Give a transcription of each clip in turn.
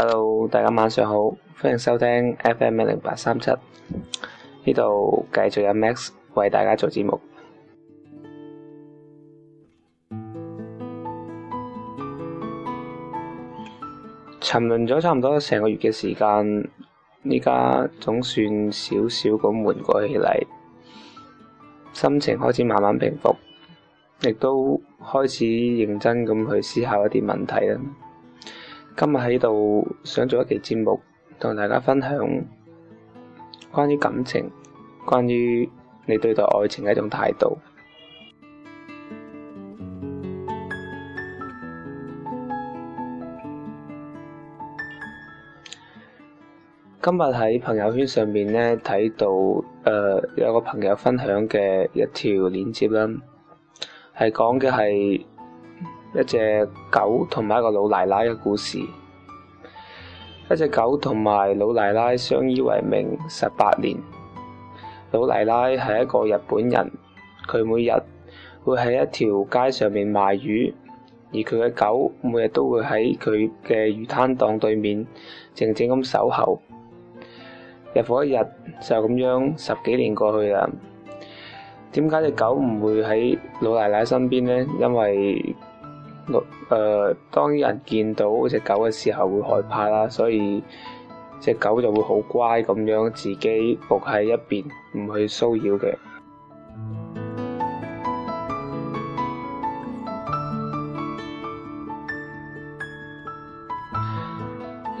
Hello，大家晚上好，歡迎收聽 FM 一零八三七，呢度繼續有 Max 為大家做節目。 沉淪咗差唔多成個月嘅時間，依家總算少少咁緩過起嚟，心情開始慢慢平復，亦都開始認真咁去思考一啲問題啦。今日喺度想做一期節目，同大家分享關於感情，關於你對待愛情嘅一種態度。今日喺朋友圈上面呢睇到，誒、呃、有個朋友分享嘅一條鏈接啦，係講嘅係。一隻狗同埋一個老奶奶嘅故事。一隻狗同埋老奶奶相依為命十八年。老奶奶係一個日本人，佢每日會喺一條街上面賣魚，而佢嘅狗每日都會喺佢嘅魚攤檔對面靜靜咁守候。日復一日，就咁樣十幾年過去啦。點解隻狗唔會喺老奶奶身邊呢？因為誒、呃，當人見到隻狗嘅時候會害怕啦，所以隻狗就會好乖咁樣自己伏喺一邊，唔去騷擾嘅。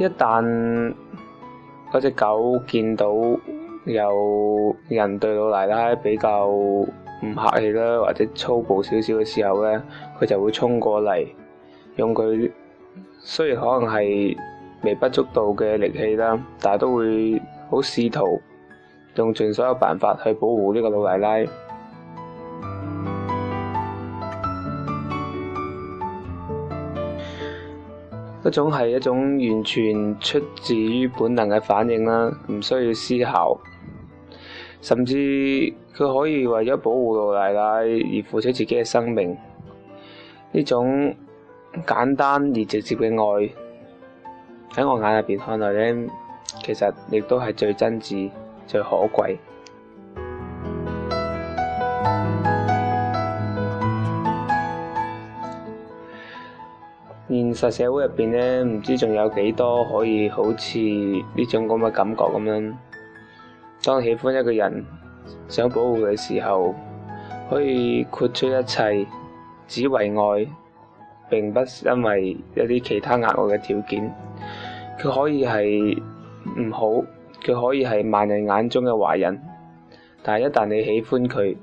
一旦嗰隻狗見到有人對老奶奶比較，唔客氣啦，或者粗暴少少嘅時候咧，佢就會衝過嚟，用佢雖然可能係微不足道嘅力氣啦，但係都會好試圖用盡所有辦法去保護呢個老奶奶。 一種係一種完全出自於本能嘅反應啦，唔需要思考。甚至佢可以為咗保護老奶奶而付出自己嘅生命，呢種簡單而直接嘅愛喺我眼入邊，看來咧，其實亦都係最真摯、最可貴。 現實社會入邊咧，唔知仲有幾多可以好似呢種咁嘅感覺咁樣。當喜歡一個人，想保護佢嘅時候，可以豁出一切，只為愛，並不是因為一啲其他額外嘅條件。佢可以係唔好，佢可以係萬人眼中嘅華人，但係一旦你喜歡佢，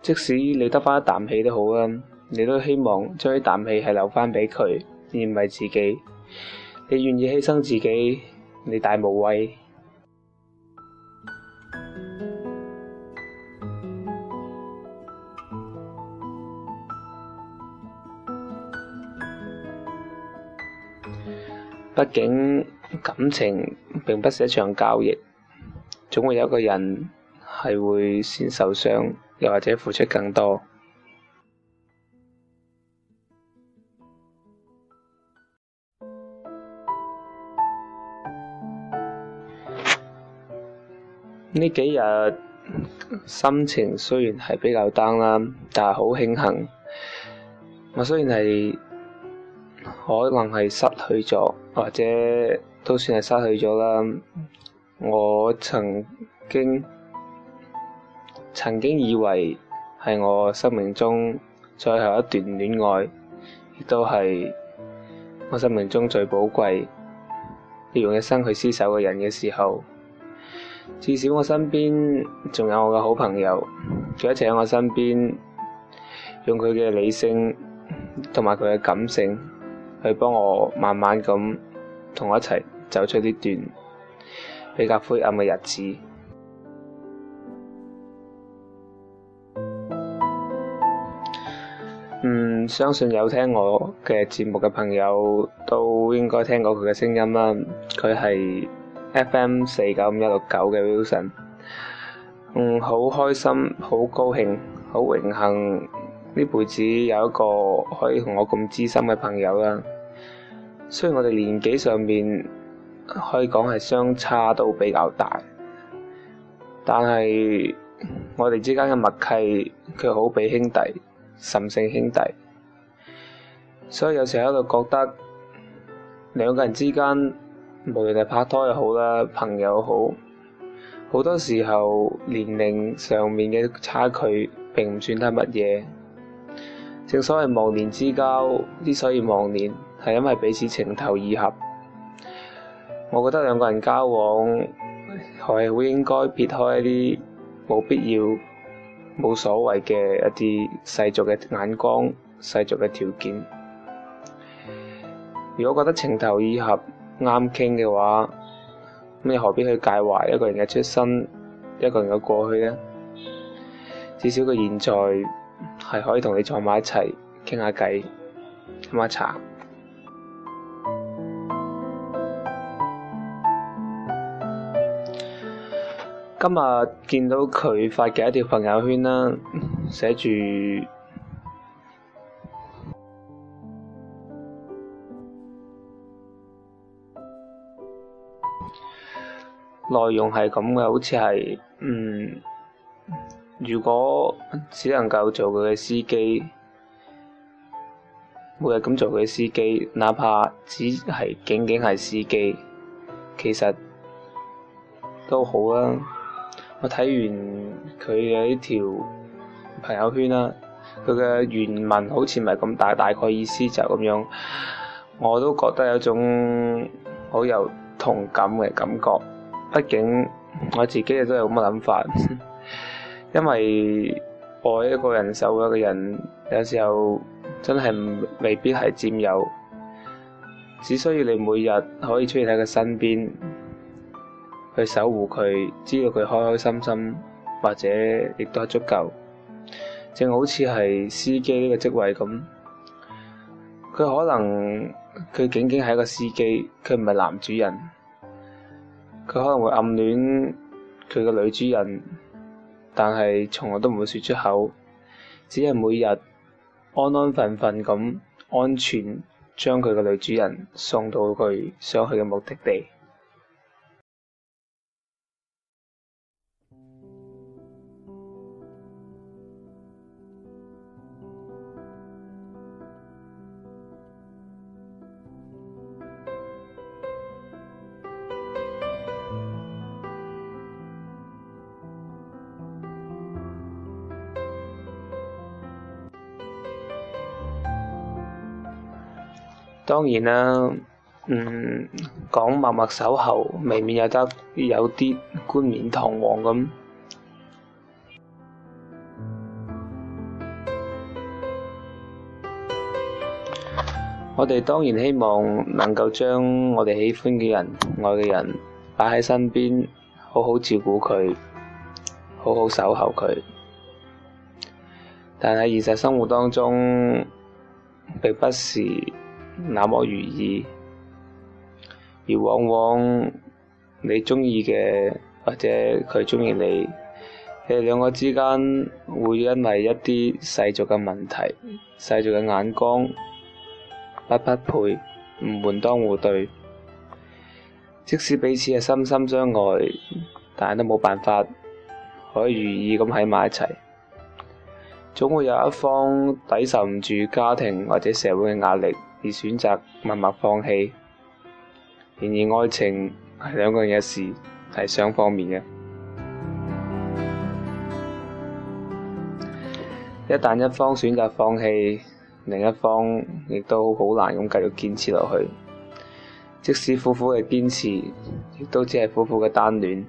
即使你得翻一啖氣都好啊，你都希望將啲啖氣係留翻俾佢，而唔係自己。你願意犧牲自己，你大無畏。畢竟感情並不是一場交易，總會有個人係會先受傷，又或者付出更多。呢 幾日心情雖然係比較 down 啦，但係好慶幸，我雖然係。可能係失去咗，或者都算係失去咗啦。我曾經曾經以為係我生命中最後一段戀愛，亦都係我生命中最寶貴，要用一生去廝守嘅人嘅時候，至少我身邊仲有我嘅好朋友，仲一直喺我身邊，用佢嘅理性同埋佢嘅感性。佢幫我慢慢咁同我一齊走出呢段比較灰暗嘅日子。嗯，相信有聽我嘅節目嘅朋友都應該聽過佢嘅聲音啦。佢係 FM 四九五一六九嘅 Wilson。嗯，好開心，好高興，好榮幸。呢輩子有一個可以同我咁知心嘅朋友啦。雖然我哋年紀上面可以講係相差都比較大，但係我哋之間嘅默契，卻好比兄弟，甚勝兄弟。所以有時候喺度覺得兩個人之間，無論係拍拖又好啦，朋友好，好多時候年齡上面嘅差距並唔算得係乜嘢。正所謂忘年之交，之所以忘年，係因為彼此情投意合。我覺得兩個人交往，係好應該撇開一啲冇必要、冇所謂嘅一啲世俗嘅眼光、世俗嘅條件。如果覺得情投意合，啱傾嘅話，咁你何必去介懷一個人嘅出身、一個人嘅過去呢？至少佢現在，係可以同你坐埋一齊傾下偈飲下茶。今日見到佢發嘅一條朋友圈啦，寫住內容係咁嘅，好似係嗯。如果只能夠做佢嘅司機，每日咁做佢嘅司機，哪怕只係僅僅係司機，其實都好啊！我睇完佢嘅呢條朋友圈啦，啊，佢嘅原文好似唔係咁大，大概意思就係咁樣，我都覺得有種好有同感嘅感覺。畢竟我自己亦都有咁嘅諗法。 因為愛一個人、守一個人，有時候真係未必係佔有，只需要你每日可以出現喺佢身邊，去守護佢，知道佢開開心心，或者亦都係足夠。正好似係司機呢個職位咁，佢可能佢僅僅係一個司機，佢唔係男主人，佢可能會暗戀佢個女主人。但係從來都唔會說出口，只係每日安安分分咁安全將佢個女主人送到佢想去嘅目的地。當然啦，嗯，講默默守候，未免有得有啲冠冕堂皇咁。 我哋當然希望能夠將我哋喜歡嘅人、愛嘅人擺喺身邊，好好照顧佢，好好守候佢。但係現實生活當中，並不是。那麼如意，而往往你鍾意嘅或者佢鍾意你，你哋兩個之間會因為一啲世俗嘅問題、世俗嘅眼光不匹配，唔門當戶對，即使彼此係深深相愛，但係都冇辦法可以如意咁喺埋一齊，總會有一方抵受唔住家庭或者社會嘅壓力。而選擇默默放棄，然而愛情係兩個人嘅事，係雙方面嘅。一旦一方選擇放棄，另一方亦都好難咁繼續堅持落去。即使苦苦嘅堅持，亦都只係苦苦嘅單戀。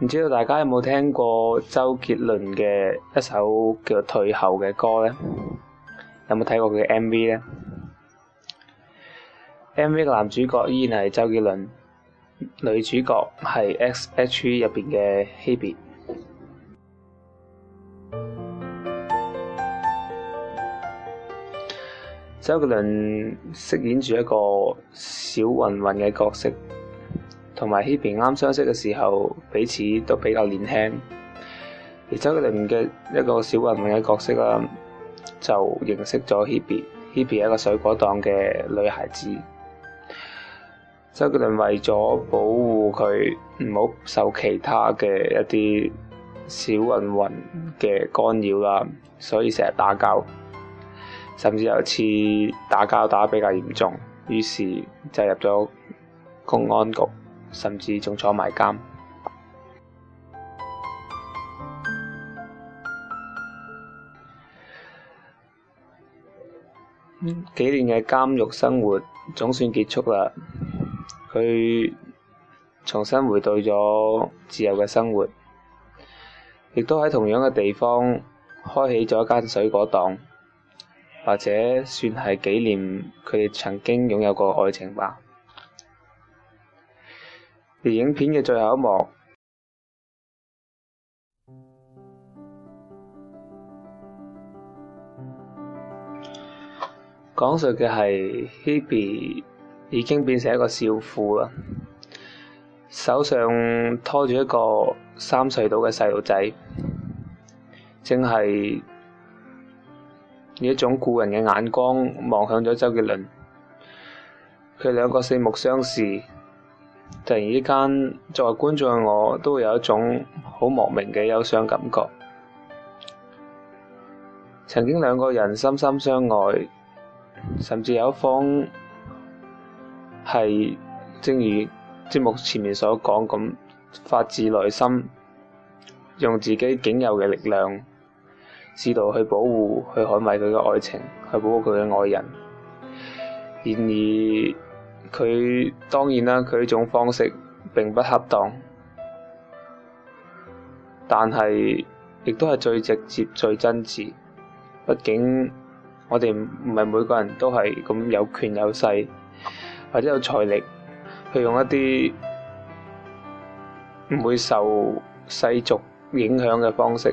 唔知道大家有冇聽過周杰倫嘅一首叫《退後》嘅歌呢？有冇睇過佢嘅 MV 呢？MV 嘅男主角依然係周杰倫，女主角係 X H 入邊嘅 Hebe。周杰倫飾演住一個小混混嘅角色。同埋 Hebe 啱相識嘅時候，彼此都比較年輕。而周杰倫嘅一個小混混嘅角色啦，就認識咗 Hebe。Hebe 係一個水果檔嘅女孩子。周杰倫為咗保護佢唔好受其他嘅一啲小混混嘅干擾啦，所以成日打交，甚至有一次打交打比較嚴重，於是就入咗公安局。甚至仲坐埋監，嗯，幾年嘅監獄生活總算結束啦。佢重新回到咗自由嘅生活，亦都喺同樣嘅地方開起咗一間水果檔，或者算係紀念佢曾經擁有過愛情吧。影片嘅最後一幕講述嘅係希比已經變成一個少婦啦，手上拖住一個三歲到嘅細路仔，正係以一種故人嘅眼光望向咗周杰倫，佢兩個四目相視。突然之間，作為觀眾嘅我，都會有一種好莫名嘅憂傷感覺。曾經兩個人深深相愛，甚至有一方係正如節目前面所講咁，發自內心用自己僅有嘅力量，試圖去保護、去捍衛佢嘅愛情，去保護佢嘅愛人，然而。佢，當然啦，佢呢種方式並不恰當，但係亦都係最直接、最真摯。畢竟我哋唔係每個人都係咁有權有勢，或者有財力去用一啲唔會受世俗影響嘅方式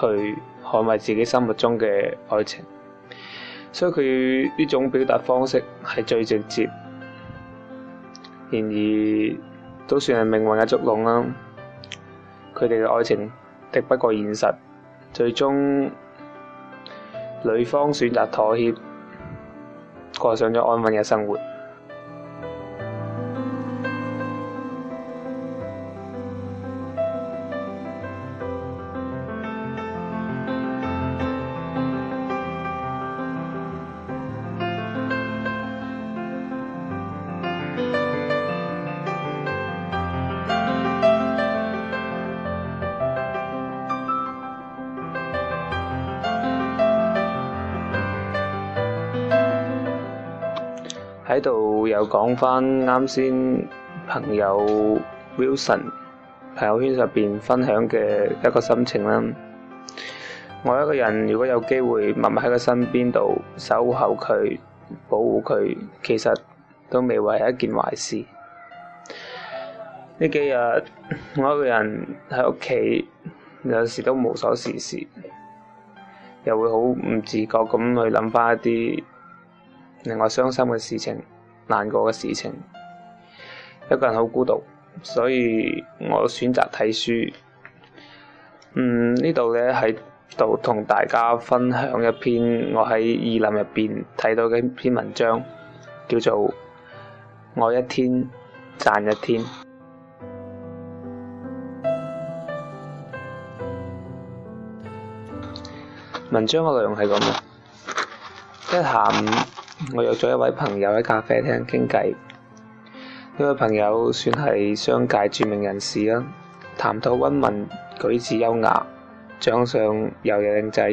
去捍衞自己心目中嘅愛情，所以佢呢種表達方式係最直接。然而，都算係命運嘅捉弄啦。佢哋嘅愛情敵不過現實，最終女方選擇妥協，過上咗安穩嘅生活。又講翻啱先朋友 Wilson 朋友圈入邊分享嘅一個心情啦。我一個人如果有機會默默喺佢身邊度守候佢、保護佢，其實都未為係一件壞事。呢幾日我一個人喺屋企，有時都無所事事，又會好唔自覺咁去諗翻一啲令我傷心嘅事情。難過嘅事情，一個人好孤獨，所以我選擇睇書。嗯，呢度咧喺度同大家分享一篇我喺意林入邊睇到嘅一篇文章，叫做《愛一天賺一天》。文章嘅內容係咁嘅，一日下午。我約咗一位朋友喺咖啡廳傾偈，呢位朋友算係商界著名人士啦，談吐溫文，舉止優雅，長相又有靚仔，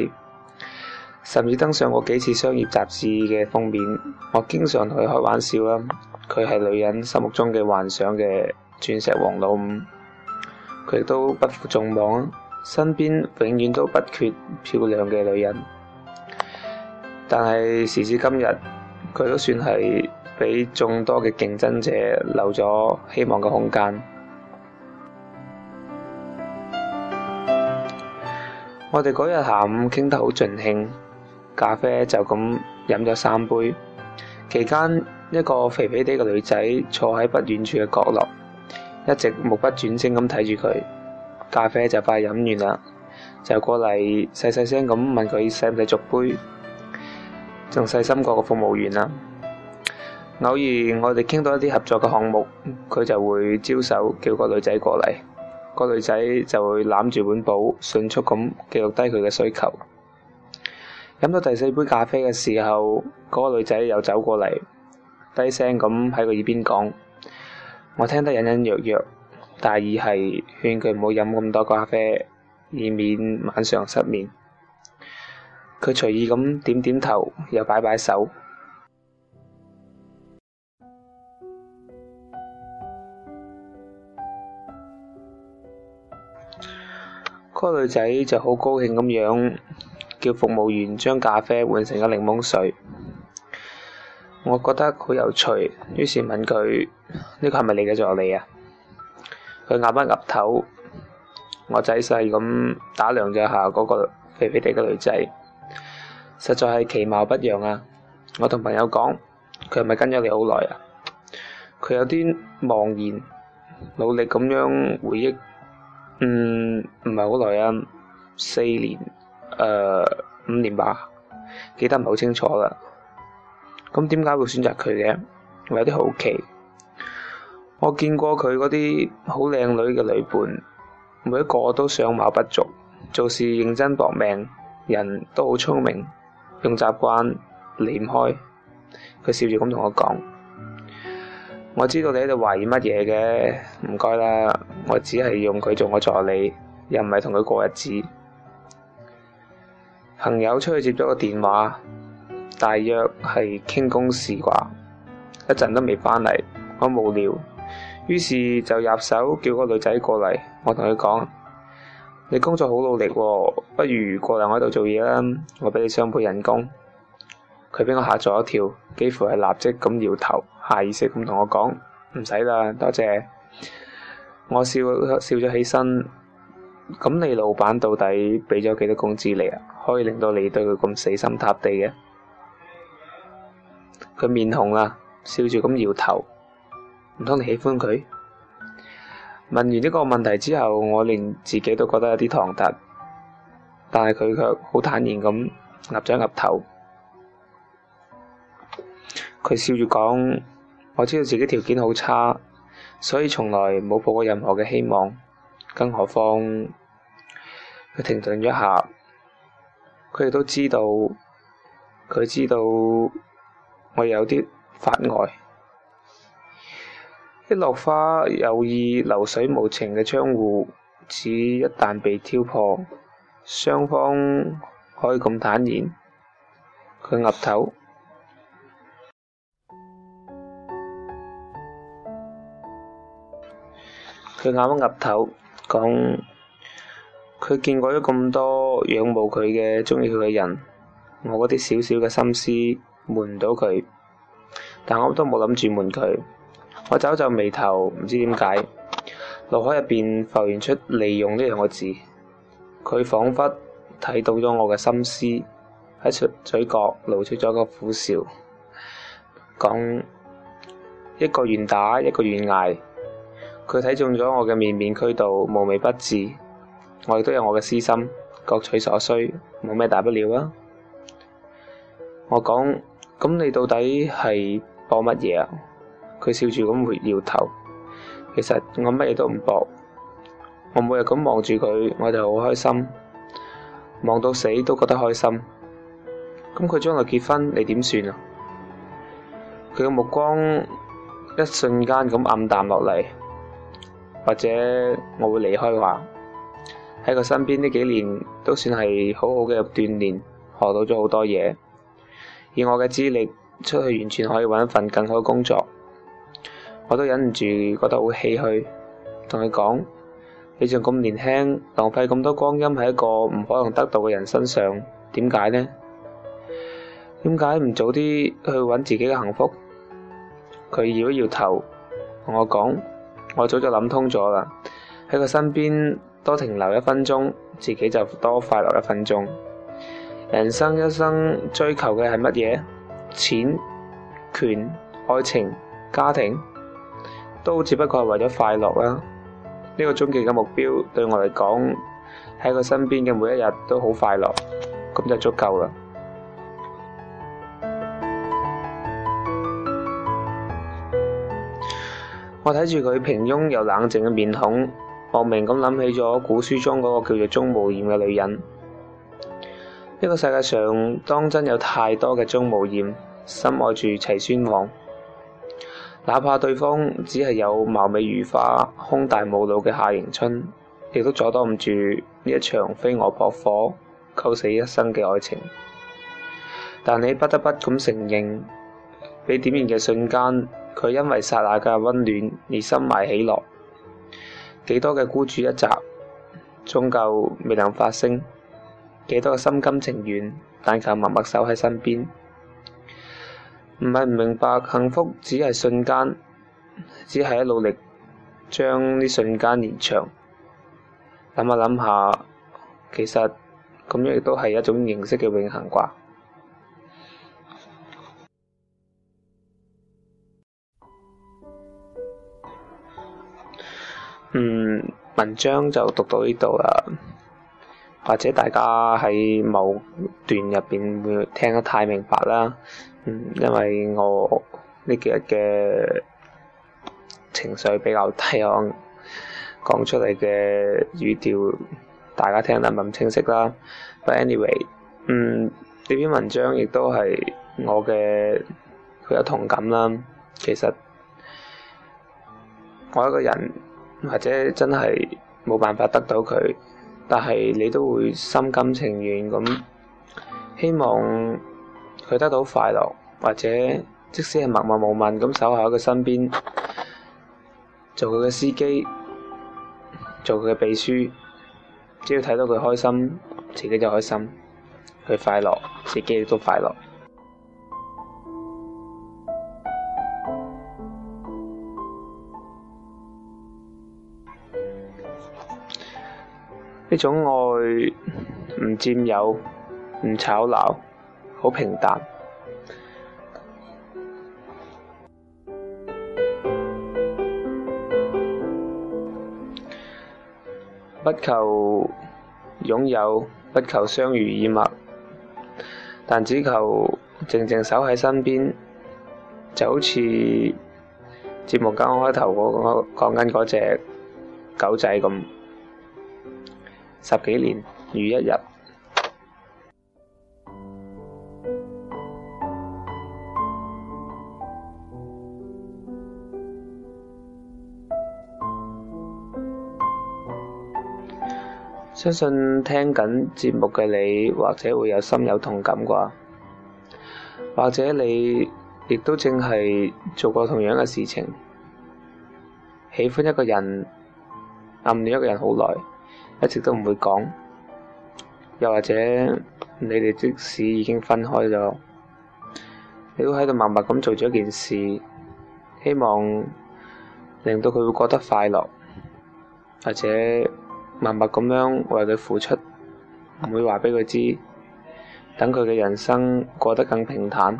甚至登上過幾次商業雜誌嘅封面。我經常同佢開玩笑啦，佢係女人心目中嘅幻想嘅鑽石王老五。佢亦都不負眾望，身邊永遠都不缺漂亮嘅女人。但係時至今日。佢都算係俾眾多嘅競爭者留咗希望嘅空間。 我哋嗰日下午傾得好盡興，咖啡就咁飲咗三杯。期間，一個肥肥哋嘅女仔坐喺不遠處嘅角落，一直目不轉睛咁睇住佢。咖啡就快飲完啦，就過嚟細細聲咁問佢使唔使續杯。仲細心過個服務員啦。偶然我哋傾到一啲合作嘅項目，佢就會招手叫個女仔過嚟，個女仔就會攬住本簿，迅速咁記錄低佢嘅需求。飲到第四杯咖啡嘅時候，嗰個女仔又走過嚟，低聲咁喺佢耳邊講，我聽得隱隱約約，大意係勸佢唔好飲咁多咖啡，以免晚上失眠。佢隨意咁點點頭，又擺擺手。嗰個女仔就好高興咁樣叫服務員將咖啡換成咗檸檬水。我覺得好有趣，於是問佢：呢個係咪你嘅助理啊？佢鴨一鴨頭。我仔細咁打量咗下嗰個肥肥地嘅女仔。實在係其貌不揚啊！我同朋友講，佢係咪跟咗你好耐啊？佢有啲茫然，努力咁樣回憶，嗯，唔係好耐啊，四年，誒、呃，五年吧，記得唔係好清楚啦。咁點解會選擇佢嘅？我有啲好奇。我見過佢嗰啲好靚女嘅女伴，每一個都相貌不俗，做事認真搏命，人都好聰明。用習慣離唔開，佢笑住咁同我講：我知道你喺度懷疑乜嘢嘅，唔該啦，我只係用佢做我助理，又唔係同佢過日子。朋友出去接咗個電話，大約係傾公事啩，一陣都未返嚟，好無聊，於是就入手叫個女仔過嚟，我同佢講。你工作好努力喎。哦，不如過嚟我喺度做嘢啦，我畀你雙倍人工。佢畀我嚇咗一跳，幾乎係立即咁搖頭，下意識咁同我講：唔使啦，多謝。我笑笑咗起身，咁你老闆到底畀咗幾多工資你啊？可以令到你對佢咁死心塌地嘅？佢面紅啦，笑住咁搖頭，唔通你喜歡佢？問完呢個問題之後，我連自己都覺得有啲唐突，但係佢卻好坦然咁揼咗揼頭。佢笑住講：我知道自己條件好差，所以從來冇抱過任何嘅希望。更何況，佢停頓咗一下，佢亦都知道，佢知道我有啲發呆。一落花有意，流水無情嘅窗戶紙一旦被挑破，雙方可以咁坦然。佢岌頭，佢咬咗岌頭，講：佢見過咗咁多仰慕佢嘅、鍾意佢嘅人，我嗰啲小小嘅心思瞞唔到佢，但我都冇諗住瞞佢。我皺皺眉頭，唔知點解，腦海入邊浮現出利用呢兩個字。佢仿佛睇到咗我嘅心思，喺嘴角露出咗個苦笑，講一個願打一個願挨。佢睇中咗我嘅面面俱到、無微不至，我亦都有我嘅私心，各取所需，冇咩大不了啊。我講咁，你到底係搏乜嘢啊？佢笑住咁回搖頭，其實我乜嘢都唔博。我每日咁望住佢，我就好開心，望到死都覺得開心。咁佢將來結婚，你點算啊？佢嘅目光一瞬間咁暗淡落嚟，或者我會離開。話喺佢身邊呢幾年都算係好好嘅鍛煉，學到咗好多嘢。以我嘅資歷，出去完全可以搵一份更好嘅工作。我都忍唔住，覺得好唏嘘，同佢講：你仲咁年輕，浪費咁多光陰喺一個唔可能得到嘅人身上，點解呢？點解唔早啲去揾自己嘅幸福？佢搖一搖頭，同我講：我早就諗通咗啦，喺佢身邊多停留一分鐘，自己就多快樂一分鐘。人生一生追求嘅係乜嘢？錢、權、愛情、家庭？都只不過係為咗快樂啦，啊！呢、這個終極嘅目標對我嚟講，喺佢身邊嘅每一日都好快樂，咁就足夠啦。 我睇住佢平庸又冷靜嘅面孔，莫名咁諗起咗古書中嗰個叫做鍾無艷嘅女人。呢、這個世界上當真有太多嘅鍾無艷，深愛住齊宣王。哪怕對方只係有貌美如花、胸大無腦嘅夏迎春，亦都阻擋唔住呢一場飛蛾撲火、九死一生嘅愛情。但你不得不咁承認，被點燃嘅瞬間，佢因為剎那嘅溫暖而心懷喜樂。幾多嘅孤注一擲，終究未能發聲；幾多嘅心甘情願，但求默默守喺身邊。唔係唔明白，幸福只係瞬間，只係喺努力將呢瞬間延長。諗下諗下，其實咁樣亦都係一種形式嘅永恆啩。嗯，文章就讀到呢度啦。或者大家喺某段入邊會聽得太明白啦，嗯，因為我呢幾日嘅情緒比較低昂，講出嚟嘅語調大家聽得唔咁清晰啦。But anyway，嗯，呢篇文章亦都係我嘅，佢有同感啦。其實我一個人或者真係冇辦法得到佢。但係你都會心甘情願咁，希望佢得到快樂，或者即使係默默無聞咁守候喺佢身邊，做佢嘅司機，做佢嘅秘書，只要睇到佢開心，自己就開心，佢快樂，自己亦都快樂。呢種愛唔佔有，唔吵鬧，好平淡， 不求擁有，不求相濡以沫，但只求靜靜守喺身邊，就好似節目剛開頭嗰、嗰個講緊嗰隻狗仔咁。十幾年如一日，相信聽緊節目嘅你，或者會有心有同感啩，或者你亦都正係做過同樣嘅事情，喜歡一個人，暗戀一個人好耐。一直都唔會講，又或者你哋即使已經分開咗，你都喺度默默咁做咗一件事，希望令到佢會覺得快樂，或者默默咁樣為佢付出，唔會話俾佢知，等佢嘅人生過得更平坦。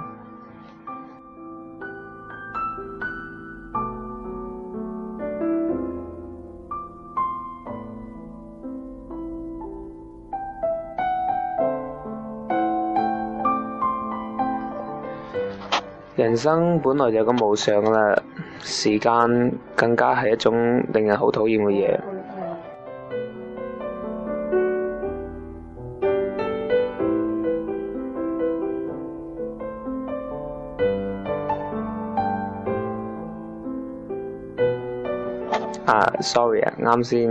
人生本來就咁無常噶啦，時間更加係一種令人好討厭嘅嘢。啊、 uh，sorry 啊，啱先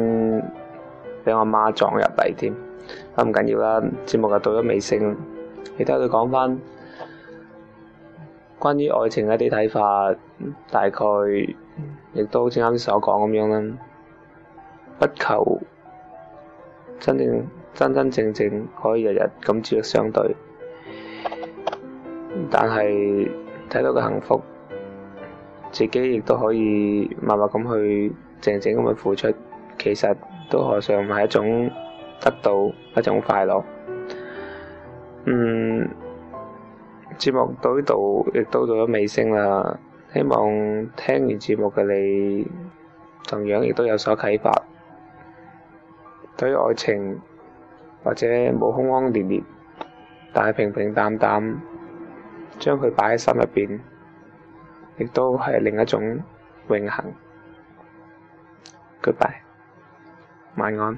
畀我媽撞入嚟添，唔緊要啦，節目就到咗尾聲，你都喺度講翻。關於愛情嘅一啲睇法，大概亦都好似啱先所講咁樣啦。不求真正真真正正可以日日咁朝夕相對，但係睇到嘅幸福，自己亦都可以默默咁去靜靜咁去付出，其實都何嘗唔係一種得到一種快樂？嗯。節目到呢度，亦都到咗尾聲啦。希望聽完節目嘅你，同樣亦都有所啟發。對於愛情，或者冇轟轟烈烈，但係平平淡淡，將佢擺喺心入邊，亦都係另一種永恆。Goodbye，晚安。